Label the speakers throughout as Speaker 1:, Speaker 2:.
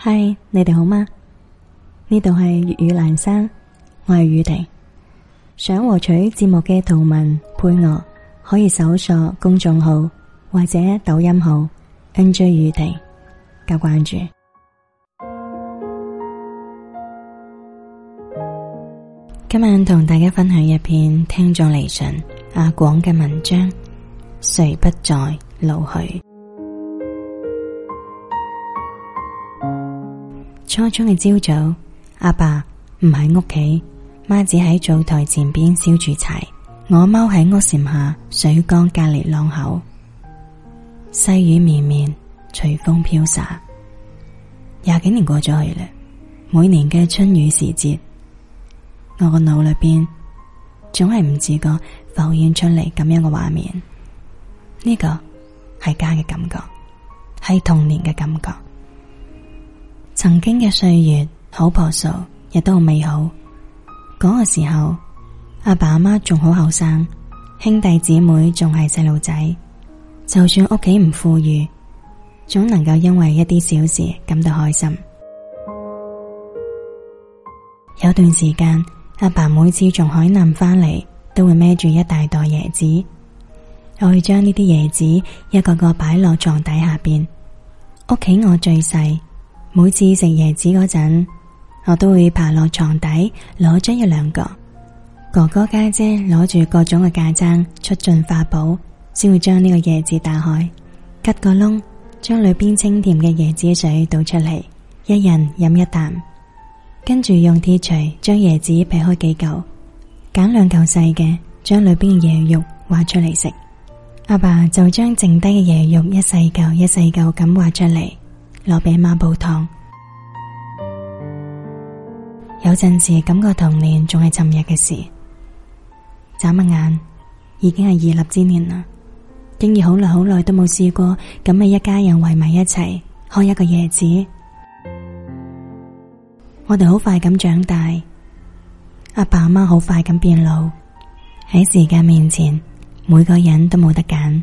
Speaker 1: 嗨，Hi，你哋好嗎？呢度係粵語蘭山，我係雨婷。想獲取節目嘅圖文配樂，可以搜索公眾號或者抖音號 N J 雨婷加關注。今晚同大家分享一篇聽眾嚟信阿廣嘅文章，誰不在老去？初春嘅朝早，阿爸唔喺屋企，媽子喺灶台前邊燒住柴，我踎喺屋檐下水缸隔籬浪口，細雨綿綿，隨風飄灑。廿幾年過咗去啦，每年嘅春雨時節，我個腦裏邊總係唔自覺浮現出嚟咁樣嘅畫面，呢個係家嘅感覺，係童年嘅感覺。曾經嘅歲月好樸素，亦都好美好。嗰個時候，阿爸阿媽仲好後生，兄弟姐妹仲係細路仔。就算屋企唔富裕，總能夠因為一啲小事感到開心。有段時間，阿爸每次從海南翻嚟，都會孭住一大袋椰子，我會將呢啲椰子一個個擺落床底下邊。屋企我最細。每次食椰子嗰陣，我都會爬落床底攞張一兩個。哥哥家姐攞住各種嘅架撐，出盡法寶，先會將呢個椰子打開，吉個窿，將裏邊清甜嘅椰子水倒出嚟，一人飲一啖。跟住用鐵錘將椰子劈開幾舊，揀兩舊細嘅，將裏邊嘅椰肉挖出嚟食。阿爸就將剩低嘅椰肉一細舊一細舊咁挖出嚟。攞俾媽煲湯，有陣時感覺童年仲係尋日嘅事，眨下眼已經係而立之年啦。竟然好耐好耐都冇試過咁嘅一家人圍埋一齊開一個椰子。我哋好快咁長大，阿爸阿媽好快咁變老。喺時間面前，每個人都冇得揀，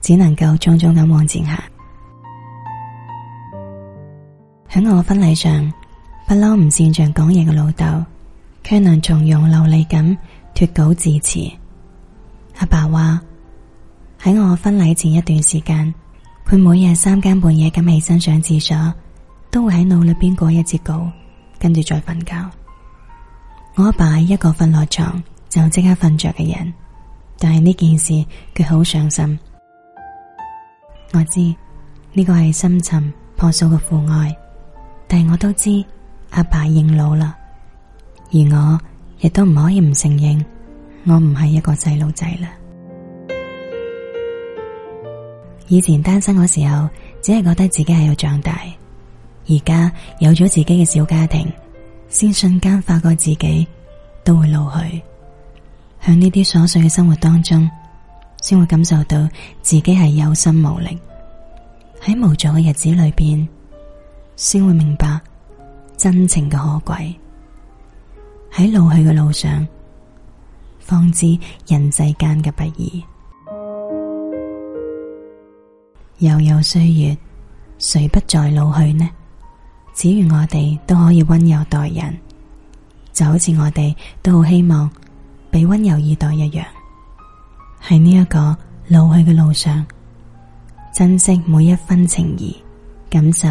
Speaker 1: 只能夠匆匆咁往前行。喺我嘅婚禮上，不嬲唔擅長講嘢嘅老豆，卻能從容流利咁脫稿致辭。阿爸話喺我婚禮前一段時間，佢每日三更半夜咁起身上廁所，都會喺腦裏邊過一節稿，跟住再瞓覺。我阿爸係一個瞓落床就即刻瞓着嘅人，但係呢件事佢好上心。我知呢個係深沉樸素嘅父愛。但係我都知阿爸，爸認老啦，而我亦都唔可以唔承認，我唔係一個細路仔啦。以前單身嗰時候，只係覺得自己係要長大，而家有咗自己嘅小家庭，先瞬間發覺自己都會老去，響呢啲瑣碎嘅生活當中，先會感受到自己係有心無力，喺無助嘅日子裏邊。先會明白真情嘅可貴，喺老去嘅路上，方知人世間嘅不易。悠悠歲月，誰不在老去呢？只願我哋都可以温柔待人，就好似我哋都好希望被温柔以待一樣。喺呢一個老去嘅路上，珍惜每一分情誼，感受。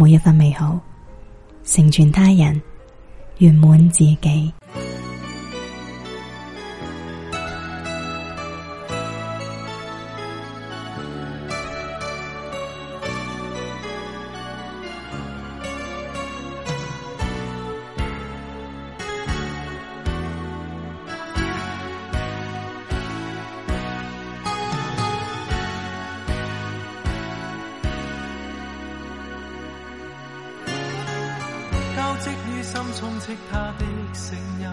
Speaker 1: 每一份美好，成全他人，圓滿自己。
Speaker 2: 心充斥他的聲音，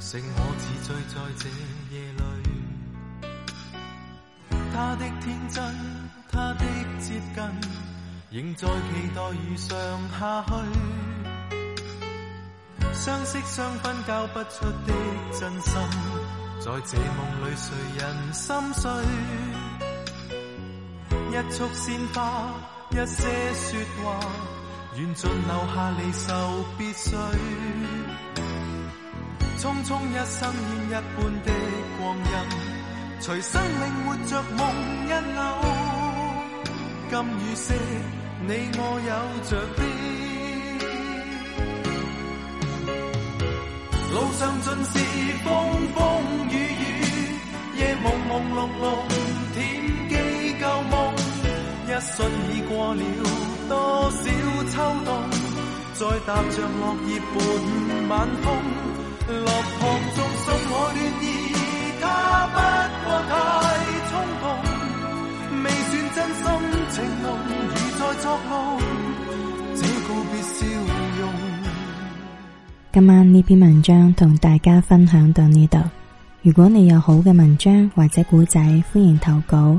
Speaker 2: 剩我自醉在這夜裏。他的天真，他的接近，仍在期待遇上下去。相識相分交不出的真心，在這夢裏誰人心碎？一束鮮花，一些説話。緣盡留下離愁別緒，匆匆一生煙一般的光陰，隨生命活著夢一縷，今與昔，你我有着邊？路上盡是風風雨雨，夜朦朦朧朧，添記舊夢，一瞬已過了。多少秋冬，再踏着落葉伴晚風，落寞中送我戀意，他不過太衝動，未算真心情濃，如在作夢，只告別笑容。
Speaker 1: 今晚呢篇文章同大家分享到呢度。如果你有好嘅文章或者古仔，歡迎投稿。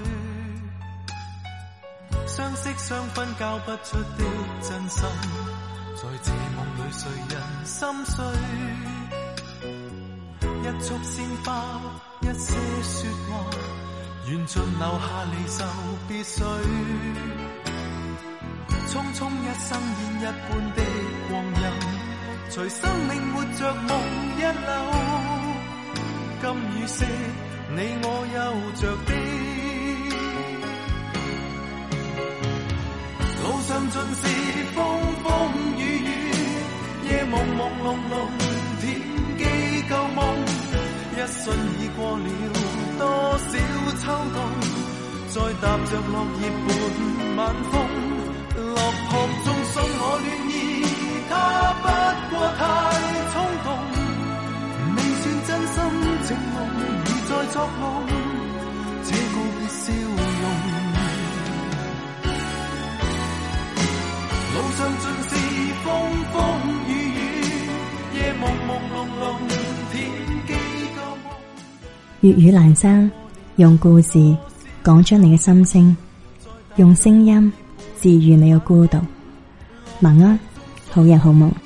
Speaker 2: 相識相分，交不出的真心，在這夢裏誰人心碎？一束鮮花，一些説話，緣盡留下離愁別緒。匆匆一生煙一般的光陰，隨生命活著夢一縷。金與色，你我有着的。嚐盡是風風雨雨，夜朦朦朧朧，添記舊夢，一瞬已過了多少秋冬，再踏著落葉伴晚風。是風風雨雨，朦朦朧朧，
Speaker 1: 粵語闌珊，用故事講出你嘅心聲，用聲音治癒你嘅孤獨。晚安，啊，好人好夢。